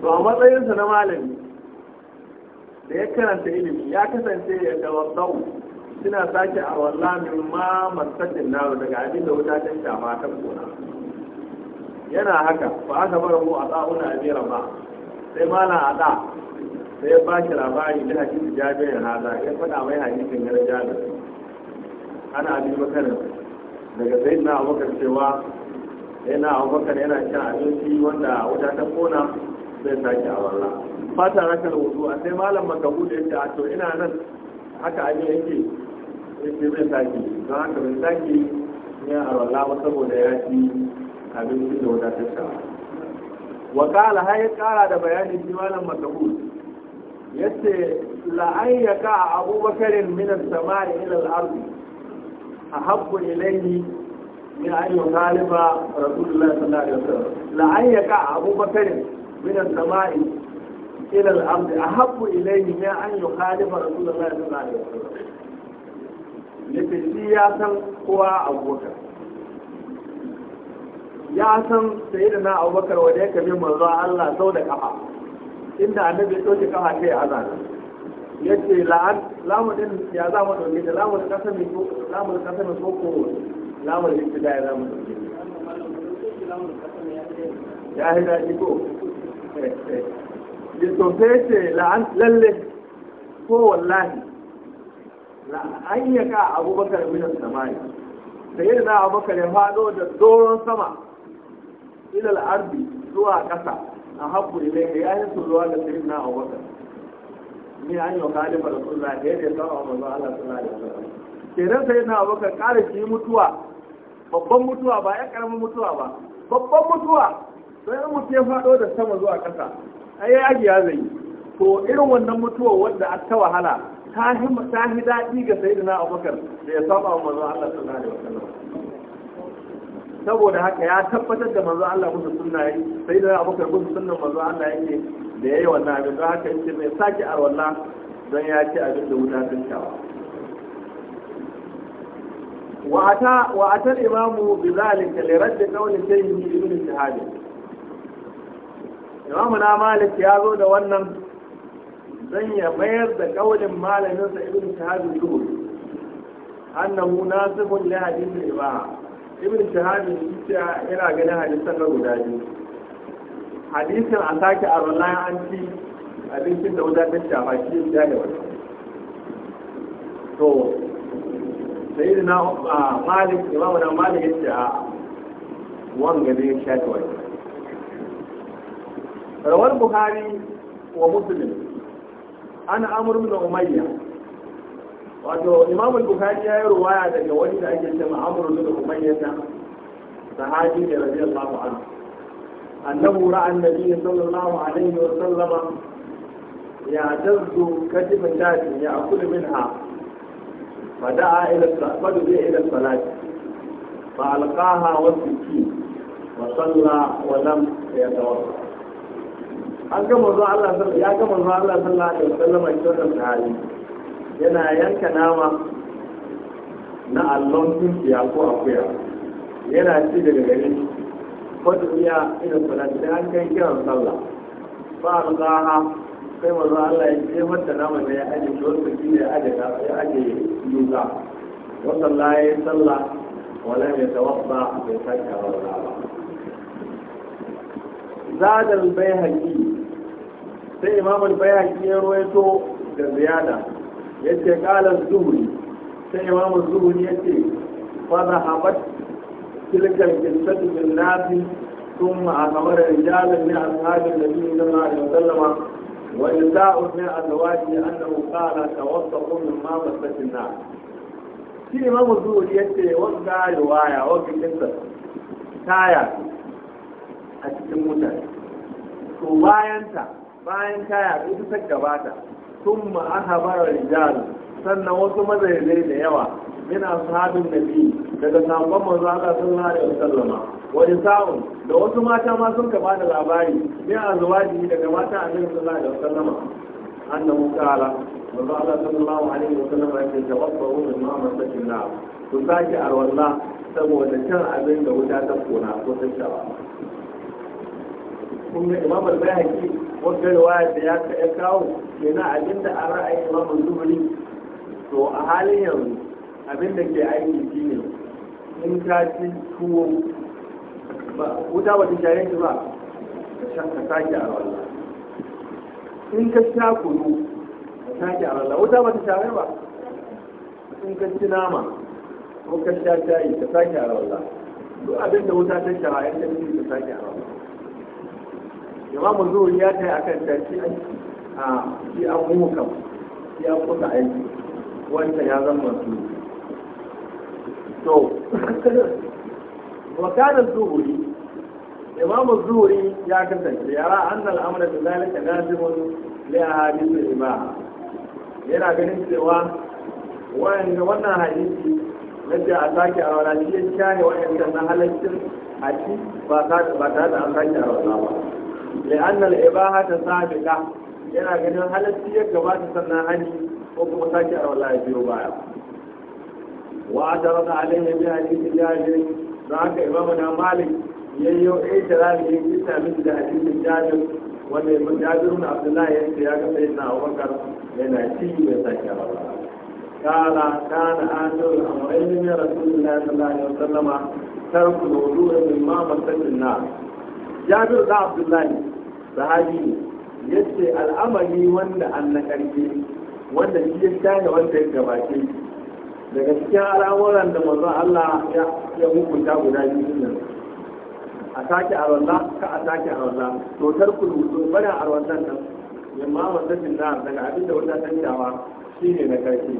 to a matsayinsa na malami da ya karanta ilimi ya kasance ya tawassau suna sake a walla min ma masakin naro daga abin da wuta ta shafa ta gona. yana haka ba aka bar mu a tsawon abin ba sai a da sai ya bashi labari da hadisi jabir hada ya faɗa mai hadisin yar jabir ana abin bakar daga sai na abokan cewa yana abokan yana cin abinci wanda wuta ta kona zai sake a walla fata da wudu a sai malam maka bude yake a to ina nan haka abin yake yake zai sake don haka bai sake yin a warla ba saboda ya ci abinci da wuta ta wa kala har ya kara da bayanin shi malam masahud yace la an yaka abubakarin min as-sama'i ila al-ardi ahabbu ilayhi min an yukhalifa rasulullah sallallahu alaihi wasallam la an yaka abubakarin min as-sama'i ila al-ardi ahabbu ilayhi min an yukhalifa rasulullah sallallahu alaihi wasallam yace shi ya san kowa abubakar ya san sai da na abubakar wanda ya kabe manzo Allah sau da kafa inda annabi ya ɗauke kafa kai azana ya ce la'an lamudin ya za mu ɗauke da lamun kasami ko lamun kasami ko ko lamun ibtida ya za mu ɗauke ya yi daɗi ko eh, eh. ya tofe ce la'an lalle ko wallahi an ya ka abubakar minan samani sayyidina da na abubakar ya faɗo da doron sama ilal ardi zuwa ƙasa a haɓu ka yayin su zuwa da sirri na abubakar ni an yi wa kalin rasulullah da yadda sama manzo Allah sallallahu alaihi wasallam kenan sai na ƙara shi mutuwa babban mutuwa ba ya karamin mutuwa ba babban mutuwa sai an mutu ya faɗo da sama zuwa kasa ai ya ji ya zai to irin wannan mutuwa wanda a ta wahala ta hi daɗi ga sayyidina abubakar da ya saba wa manzo Allah sallallahu alaihi wasallam saboda haka ya tabbatar da manzo Allah musu sunna yi sai da abubakar musu sunna manzo Allah yake da yayi wannan abin da haka yace mai saki a wallah dan ya ci abin da wuta sun tawa wa ata wa ata imamu bi zalika li radd qawli sayyidi ibn shahab imamu na malik ya zo da wannan dan ya mayar da kaulin malamin sa ibn shahab zuhur annahu nasibun li hadith al-ibaha ibn shahabi ita yana ganin hadisan na guda biyu hadisin an sake a rana an ci abincin da wuta ta shafa shi ya da wani to sai da na malik imamu na malik ya ce a gari ya sha da wani rawar buhari wa Musulmi ana amur bin umayya wato imam al-bukhari ya yi ruwaya daga wani da ake cewa amru bin umayyah sahabi ne radiyallahu anhu annahu ra'a an-nabiy sallallahu alaihi wa sallama ya tazu katifin dadi ya akulu minha fada'a ila fadu bi ila salat fa alqaha wa sikki wa salla wa lam yatawadda an ga manzo Allah ya gama zuwa Allah sallallahu alaihi wa sallama kiran sahabi yana yanka nama na allon tunkiya ko akuya yana ci daga gari wata iya ina salati da an kai kiran sallah ba alƙaha sai mazu Allah ya ce mata nama da ya aje shi wasu shi ne aje ya aje yuka wata laye sallah wala ya tawaffa bai sake a wala ba zadar bai haƙi sai imamul bai haƙi ya ruwaito da ziyada yace kalan zuhuri sai imamu zuhuri yace fa da habat tilka jinsatu min nabi thumma akamara rijalan min ashabi nabi sallallahu alaihi wasallam wa ilda'u min azwaji annahu qala tawassaqu min ma masat an nar shi imamu zuhuri yace wanda riwaya wa kitabta kaya a cikin mutane to bayan ta bayan taya su ta gabata thumma ahbara rijal sannan wasu mazailai da yawa min ashabin nabi daga sahabban manzo Allah sallallahu alaihi wasallama wa nisa'un da wasu mata ma sun gaba da labari min azwaji daga mata annabi sallallahu alaihi wasallama annahu ta'ala manzo Allah sallallahu alaihi wasallama yake tawaffahu min ma masakin na ku sake arwalla saboda cin abin da wuta ta kona ko ta shaba Kuma imam al bahaki wata riwaya da ya ka kawo yana abinda a ra'ayi imam al-zuhri to a halin yanzu abinda ke aiki shine in ka ci tuwo wuta ba ta shaye shi ba ka sake a wallah in ka sha kunu ka sake a wallah wuta ba ta shaye ba in ka ci nama ko ka sha shayi ka sake a wallah duk abinda wuta ta shaye ka sake a wallah imamu zuhuri ya kai akan tashi a shi an muhukam shi an kusa aiki wanda ya zama su to wakanin zuhuri imamu zuhuri ya kasance yara annal amra da zalika nazimun li ahadithu imaha yana ganin cewa wannan hadisi na ce a sake a wani shi ya kyale wa'ancan na halaccin a ci ba tare da an sake a wani ba la'annal ibaha ta sabiqa yana ganin halatti ya gabata sannan hani ko kuma sake a wallahi biyo baya wa tarada alaihi bi hadithin jabir da haka imamu na malik yayyo itirari ya kisa miki da hadithin jabir wanda ya mun jabir abdullahi ya ya ga sayyidina abubakar yana ci bai sake a wallahi قال كان آخر الأمرين من رسول الله صلى الله عليه وسلم ترك الوضوء مما مسك النار jabir da abdullahi sahabi ne yace al'amari wanda an na karfe wanda shi ya shaye wanda ya gabace daga cikin al'amuran da manzon Allah ya hukunta guda biyu nan a sake a arwalla ka a sake a arwalla to tarkul wudu bana arwallan nan yamma wasatin na daga abinda wata tantawa shine na karfe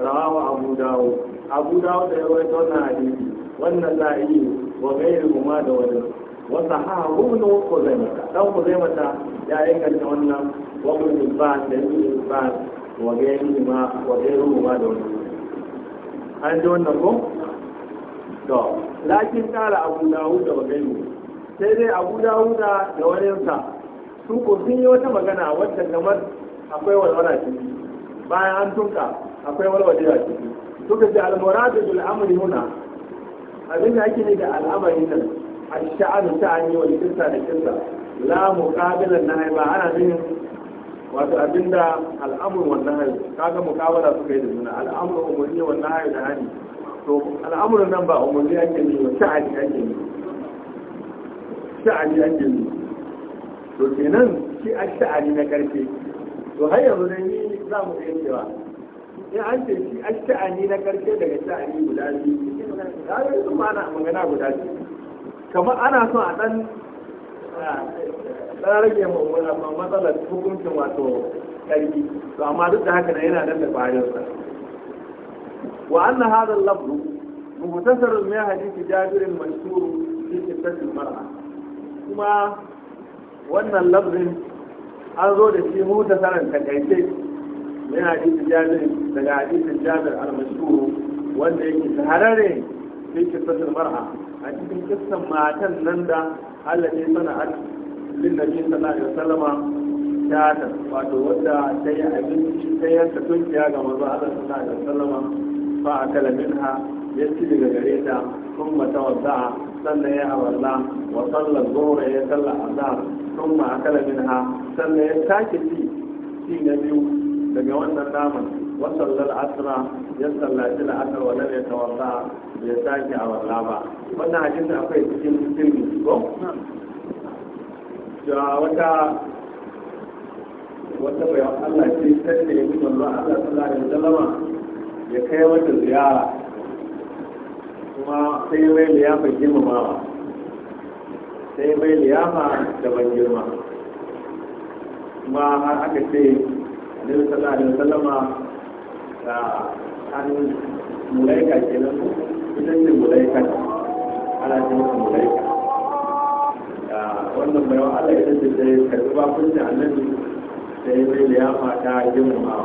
rawawa abu dawo abu dawo da ya rawaito wannan hadisi wannan za'i wa ghairu ma da wajen wasa ha ko zai mata dan ku zai mata ya aikata wannan wani ba da yi ba wa ga yi ma wa ga ma da wani an ji wannan ko to lakin kara abu dawud da wani sai dai abu dawuda da wani sa su ko sun yi wata magana wacce kamar akwai walwala ciki bayan an tunka akwai walwala ciki suka ce al-muradu bil amri huna abin da ake ne da al'amari nan A yi wa الشعر شعني والكسة لكسة لا مقابل النهي ما أنا منه wato abinda al'amur wannan hayo kaga mukawala suka yi da juna al'amur umurni wannan hayo da hani to al'amur nan ba umarni ake yi ba sha'ani ake yi sha'ani ake yi to kenan shi a sha'ani na karfe to har yanzu dai ni za mu iya cewa in an ce shi a sha'ani na karfe daga sha'ani guda biyu yi yanzu ma'ana magana guda biyu kamar ana son a ɗan ɗan rage matsalar hukuncin wato ƙarfi to amma duk da haka na yana nan da bayansa wa anna hadha al-lafz mukhtasar min hadith Jabir al-Mansur fi qissat al-mar'a kuma wannan lafzin an zo da shi ta takaice min hadith Jabir daga hadith Jabir al-Mansur wanda yake shahararre fi qissat al-mar'a a cikin kisan matan nan da Allah ne sana an lin nabi sallallahu alaihi wasallama ta ta wato wanda ta yi abinci ta yanka tunkiya ga manzo Allah sallallahu alaihi wasallama fa akala minha ya ci daga gare ta sun mata a sannan ya awalla wa sallar zuhra ya sallar azhar sun ma akala minha sannan ya sake ci ci na biyu daga wannan naman وصل العصر يصل لاجل العصر ولن يتوقع يساك على اللعبة وانا عجبنا اخي تجيب في المسكو وانا نعم. وانا بيو الله في سنة يقول الله الله صلى الله عليه وسلم يخيوة da hannun mulaika kenan ita ce mulaika ana ce masa mulaika wannan bayan Allah ita ce da karɓi bakuncin annabi da ya mai liyafa ta girmamawa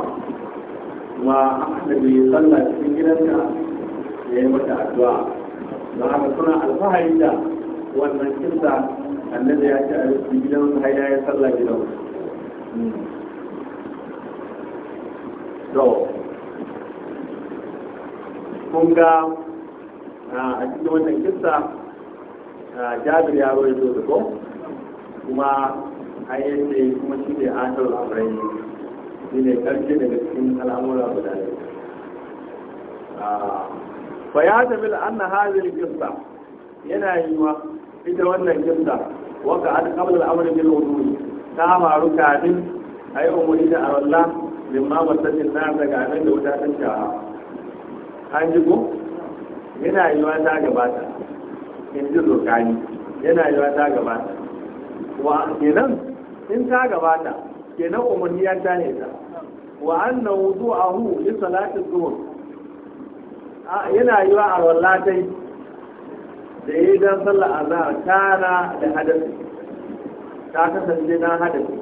kuma annabi sallah cikin gidanta ya yi mata addu'a don haka suna alfahari da wannan kinsa annabi ya ce a yi gidan har ya yi sallah gidansu. Hmm. mun ga a cikin wannan kissa jabir ya roye zo da ko kuma an yace kuma shi ne asar labarai shi ne karshe daga cikin al'amura guda ne fa ya tafi da anna hazil kissa yana yi wa ita wannan kissa waka an kamar al'amari bil wuduri ta faru kafin yi umuri da Allah limma masakin na daga nan da wuta ta shara an ji ko yana wa ta gabata in ji zokani yana yi wa ta gabata wa kenan in ta gabata kenan umarni ya ne ta wa a wudu'ahu li salati dhuhr yana yiwa a wallatai da yi don sallar azhar tana da hadasi ta kasance na hadasi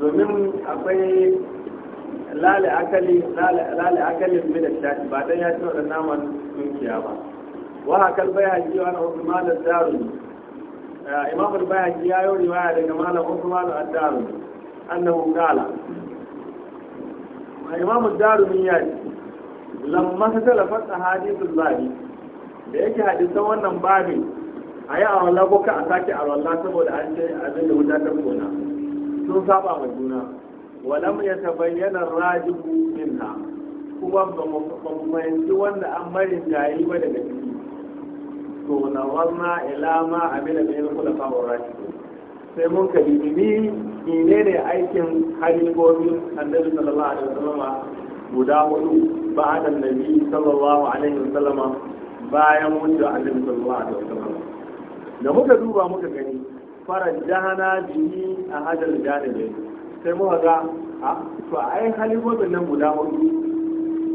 domin akwai lale akali lale akalin min al-shati ba dan ya ci da naman dukiya ba wa hakal bayhaqi wa ana Uthman ad-Daruni eh, Imam al-Bayhaqi ya yi riwaya daga Malam Uthman ad-Daruni annahu qala Imam ad min ya ce lamma talafat ahadithul babi da yake hadisan wannan babin a yi awalla ko ka a sake awalla saboda an ce abin da wuta ta kona sun saba ma juna ولم يتبين tabayyana منها كما kuma ba mu fahimci wanda an marin jayi ba daga ciki to na wanna ilama sai mun ka bibini ne ne aikin halibobin annabi sallallahu alaihi wasallama guda hudu ba da nabi sallallahu alaihi wasallama bayan mutu annabi sallallahu alaihi wasallama da muka duba muka gani farajjana bihi a hadal janibai sai muka ga a to hali wajen nan guda hudu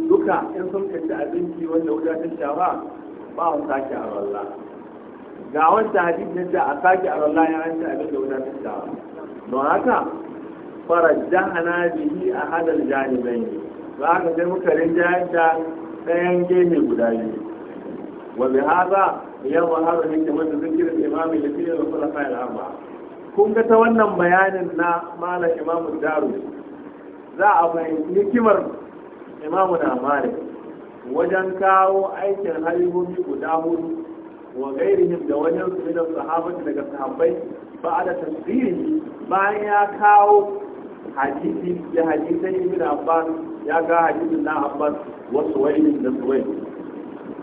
duka in sun kaci abinci wanda wuta ta shafa ba a sake a ralla ga wanda na ta a sake a ralla ya hanci abin da wuta ta shafa don haka farajjahana bihi a hadal janibai za ka sai muka rinjayar da ɗayan gefe guda biyu wa haza hada haza ne ke da zikirin imamu da fiye da kula kayan arba'a kun ga ta wannan bayanin na malam imamu daru za a fahimci hikimar imamu na malik wajen kawo aikin halibobi guda hudu wa gairihim da wajen su da sahabati daga sahabbai ba da tasiri bayan ya kawo hadisi da hadisai ibn abbas ya ga hadisin na abbas wasu wani da suwai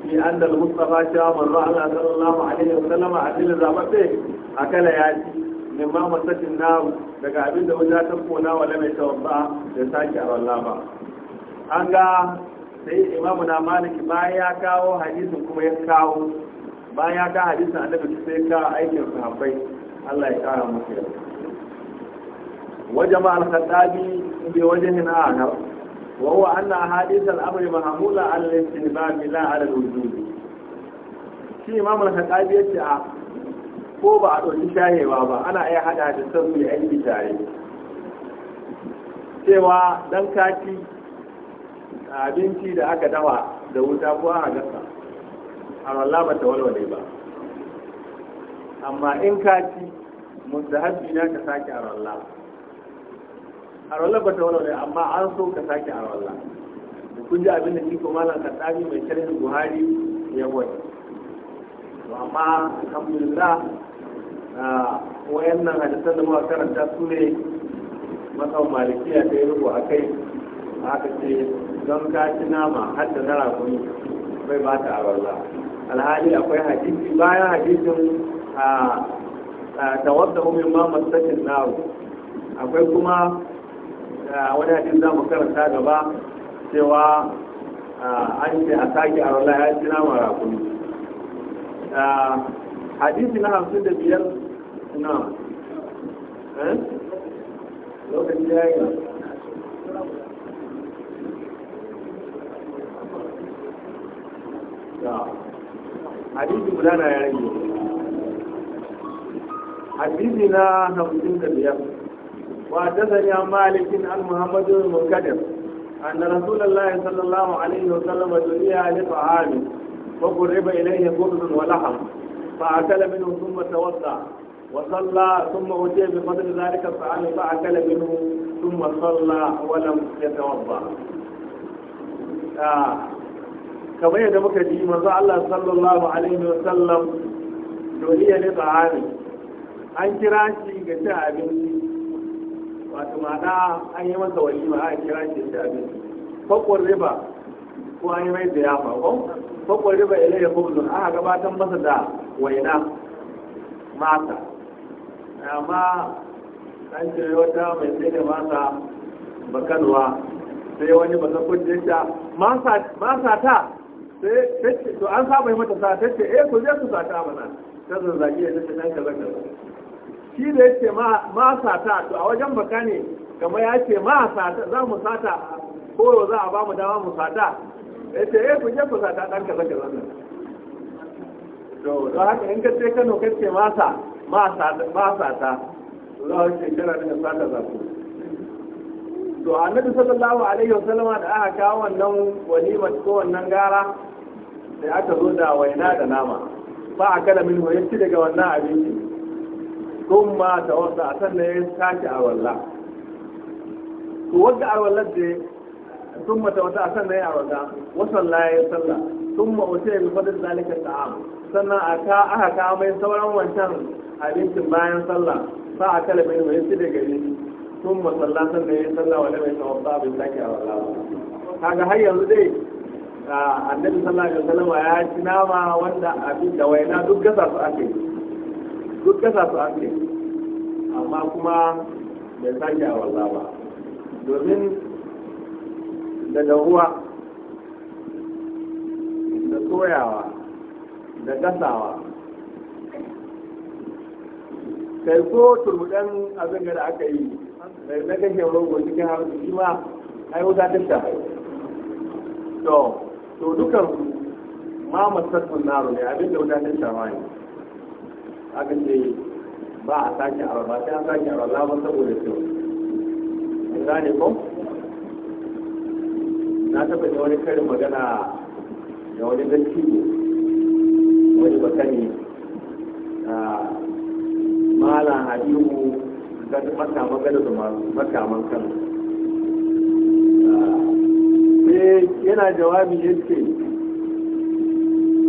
fi annal mustafa sha man ra'a sallallahu alaihi wa a hadil zabate akala ya ci min ma masakin naru daga abin da wajen ta kona wa lamai tawabba da sake a walla ba an ga sai imamu na maliki bayan ya kawo hadisin kuma ya kawo bayan ya ka hadisin sai ka aikin sahabbai Allah ya kara musu yau وجمع الخطابي بوجه آخر وهو أن أحاديث الأمر محمولة على الاستنباب لا على الوجود في إمام الخطابي يتعى ko ba a ɗauki shayewa ba ana iya hada da sabu a aiki tare cewa ɗan kati abinci da aka dawa da wuta ko a gasa a ralla ba ta walwale ba amma in kati hajji na ka sake a ralla a ralla ba ta walwale amma an so ka sake a ralla kun ji abin da shi kuma na kaddami mai sharhin buhari ya wani amma alhamdulillah nan hadisan da muka karanta su ne matsan malikiya ta yi rubu a kai aka ce don ka ci nama har da na rakuni bai ba ta abarba alhali akwai hadisi bayan hadisin a tawadda umin ma masakin nawo akwai kuma wani hadisi za mu karanta gaba cewa an ce a sake abarba ya ci nama rakuni hadisi na hamsin da biyar نعم ها لو كان جاي hadisi مولانا يا ya rage hadisi na hamsin da وحدثني عن مالك عن محمد بن منكدر أن رسول الله صلى الله عليه وسلم دعي لطعام فقرب إليه خبز ولحم فأكل منه ثم توضأ وصلى ثم أتي بفضل ذلك الطعام فأكل منه ثم صلى ولم يتوضأ kamar yadda muka ji الله Allah sallallahu alaihi wa sallam doliya ne an kira shi ga cin abinci wato ma'ana an yi masa walima an kira shi ga abinci fakwar riba ko an yi mai da yafa ko fakwar riba ilayya kubzun aka gabatar masa da waina mata amma an ce wata mai ce da masa bakanwa sai wani ba san kudin ta masa ta sai to an saba yi mata sata ta ce eh ku je ku sata mana ta zazzage ta ce nan kaza kaza shi da ce ma sata to a wajen baka ne kamar ya ce ma sata za mu sata ko za a ba mu dama mu sata ya ce eh ku je ku sata dan kaza kaza to don haka in ka ce Kano kace masa masata to za a wace kana da sata zafi to annabi sallallahu alaihi wasallam da aka kawo wannan walima ko wannan gara sai aka zo da waina da nama ba a kada min ya ci daga wannan abinci kuma ta wasa a sannan ya sake a walla to wadda a wallar da sun mata wata a sannan ya a walla wasan la ya sallah sun ma'utai bi fadin zalika ta'am sannan a ka aka kawo mai sauran wancan abincin bayan sallah sa a kala bai mai su da gari sun masallatan da ya sallah wani mai tawaffa bai sake a wala kaga har yanzu dai annabi sallallahu alaihi wasallam ya ci nama wanda abin da waina duk gasa su ake duk gasa su ake amma kuma bai sake a wala ba domin da dahuwa da soyawa da gasawa kai ko turmudan abin da aka yi na kashe rogo cikin hausa shi ma ai wuta ta sha to to dukan ma masarfin naro ne abin da wuta ta sha ma ne aka ce ba a sake araba sai a sake araba ba saboda kyau an gane ko na taɓa da wani karin magana da wani dattijo wani bakani ah, mala hadihu ga maka magana da makaman kan sai ah, eh, yana jawabi ya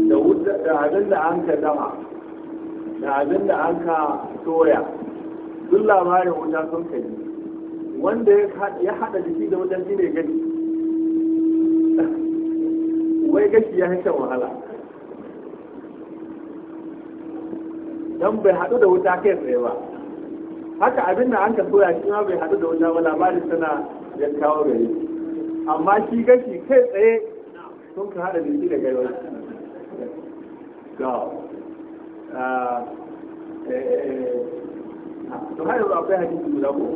da abin da an ka dama da abin da an ka soya duk labarin wuta sun kai wanda ya haɗa jiki da wutan shi ne gani wai gashi ya hanta wahala don bai haɗu da wuta kai tsaye ba haka abin da an ka soya shi ma bai haɗu da wuta ba labarin tana ya kawo gari amma shi gashi kai tsaye sun ka haɗa jiki da gari to eh, eh, eh, har yanzu akwai hadisi guda ko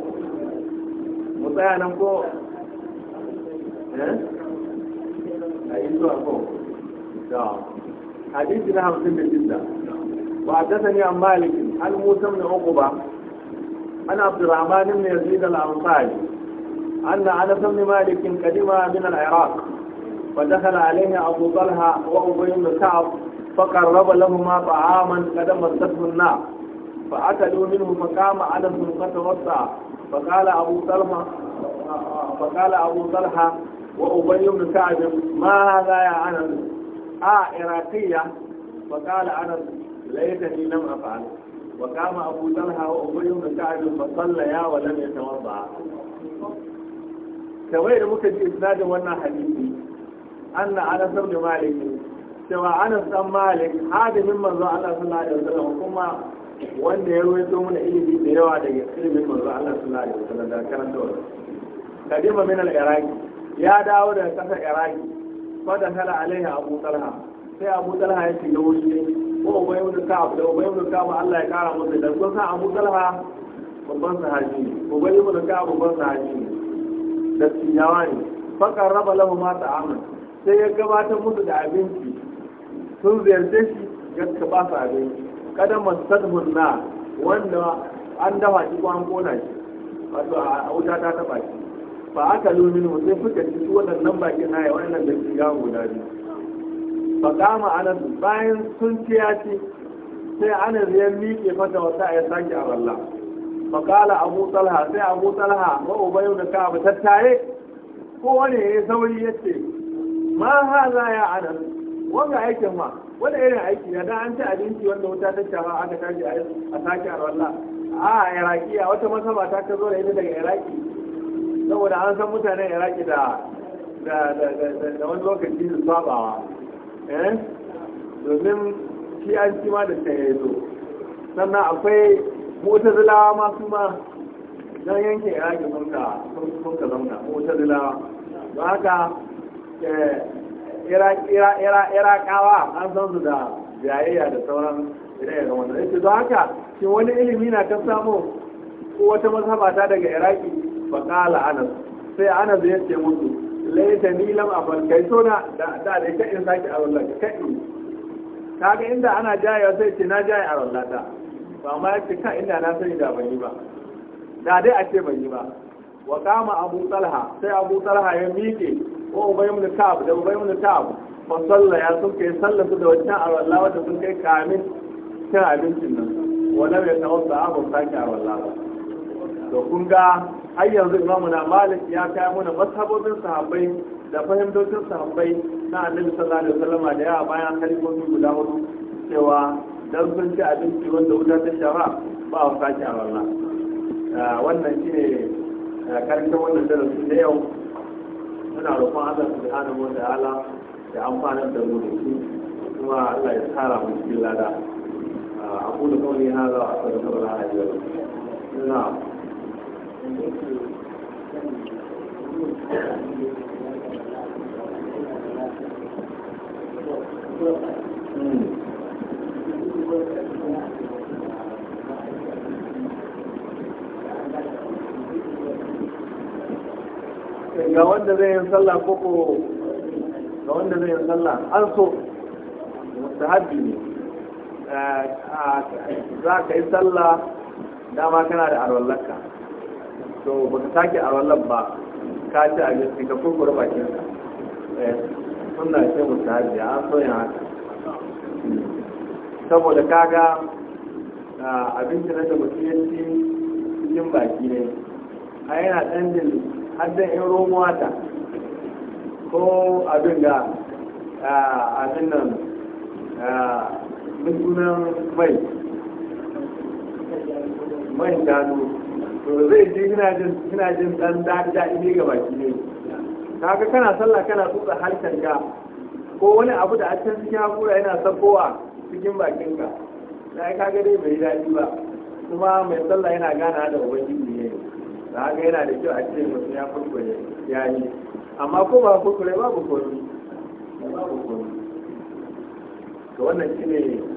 mu tsaya nan ko a yi zuwa ko hadisi na hamsin da shidda وحدثني عن مالك عن موسى بن عقبة عن عبد الرحمن بن يزيد الأنصاري أن أنس بن مالك قدم من العراق فدخل عليه أبو طلحة وأبي بن كعب فقرب لهما طعاما قد مسته النار فأكلوا منه فقام أنس فتوسع فقال أبو طلحة فقال أبو طلحة وأبي بن كعب ما هذا يا أنس آه إراقية فقال أنس laitani lam af'al wa kama abu talha wa ubay ibn ka'b fa ya wa lam yatawadda kawai da muka ji isnadin wannan hadisi anna anas ibn malik cewa anas ibn malik hadimin manzo Allah sallallahu alaihi wasallam kuma wanda ya ruwaito mana ilimi da yawa daga ilimin manzo Allah sallallahu alaihi wasallam da karanta wannan kadima min al-iraqi ya dawo daga kasar iraqi fa dakhala alaiha abu talha sai abu talha ya shiga wuce ko ubay ibn ka'ab da ubay ibn ka'ab Allah ya kara masa da kun san Abu Talha babban sahabi ne ubay ibn ka'ab babban sahabi ne da tijawa ne fa qarraba lahu ma ta'aman sai ya gabatar musu da abinci sun ziyarce shi ya ba su abinci kada masadhun na wanda an dafa shi ko an kona shi wato a wuta ta taba shi fa aka mu sai suka ci waɗannan bakin haya waɗannan da tijawa guda biyu fa kama anas bayan sun ci ya ci sai anas ya miƙe mata wata ya sake a balla fa abu talha sai abu talha wa yau da ka'ab tattare ko wani ya sauri ya ce ma za ya anas wanda aikin ma wanda irin aiki ya dan an ci abinci wanda wuta ta shafa aka tashi a sake a balla a a wata masaba ta ka zo da ita daga iraki saboda an san mutanen iraki da da wani lokaci su sabawa Eh? domin shi an ci ma da tsayayyado sannan akwai mutazilawa masu ma don yankin iraki sun ka zauna mutazilawa ba haka eh, irakawa an san su da jayayya da sauran ire wanda ya ce don haka shi wani ilimi na ta samu ko wata mazhabata daga iraki faƙala anas sai anas ya ce mutu. laita ni lam abal kai so na da da ka in saki a wallahi kai kaga inda ana jaya sai ce na jaya a wallahi ta ba ma yace ka inda na sani da ban yi ba da dai a ce ban yi ba wa kama abu talha sai abu talha ya miƙe ko ubay ibn tab da ubay ibn ka'ab fa sallaya sun kai su da wancan a wallahi wanda sun kai kamin cin abincin nan wala ya tawassa abu saki a wallahi to kun ga har yanzu imamu na malik ya kai mana mashabobin sahabbai da fahimtocin sahabbai na annabi sallallahu alaihi wasallam da yawa bayan kalifofi guda hudu cewa dan sun ci abinci wanda wuta ta shafa ba a sake a rana ah, wannan shine ah, karshen wannan darasi na yau muna roƙon Allah subhanahu wa ta'ala ya amfana da mu da shi kuma Allah ya tsara mu cikin lada أقول قولي هذا وأستغفر الله ranar ولكم. نعم. ga wanda zai yin sallah ko ko ga wanda zai yin sallah an so mustahabbi ne eh, za ka yi sallah dama kana da alwallarka to ba ka sake a wallan ba ka ci abinci ka kurkura bakin ka eh, sunna ce mustahabi an so yin haka saboda kaga abinci na da mutum cikin baki ne a yana canjin jin haddan in romuwa ta ko abin da abin nan mai mai gano to zai ji ina jin dan daɗi ne ga baki ne kaga kana sallah kana tsotsa harshen ka ko wani abu da a can cikin hakura yana sakowa cikin bakin ka sai kaga dai bai daɗi ba kuma mai sallah yana gana da ubangiji ne da haka yana da kyau a ce mutum ya kurkure ya yi amma ko ba kurkure babu komi babu komi to wannan ne.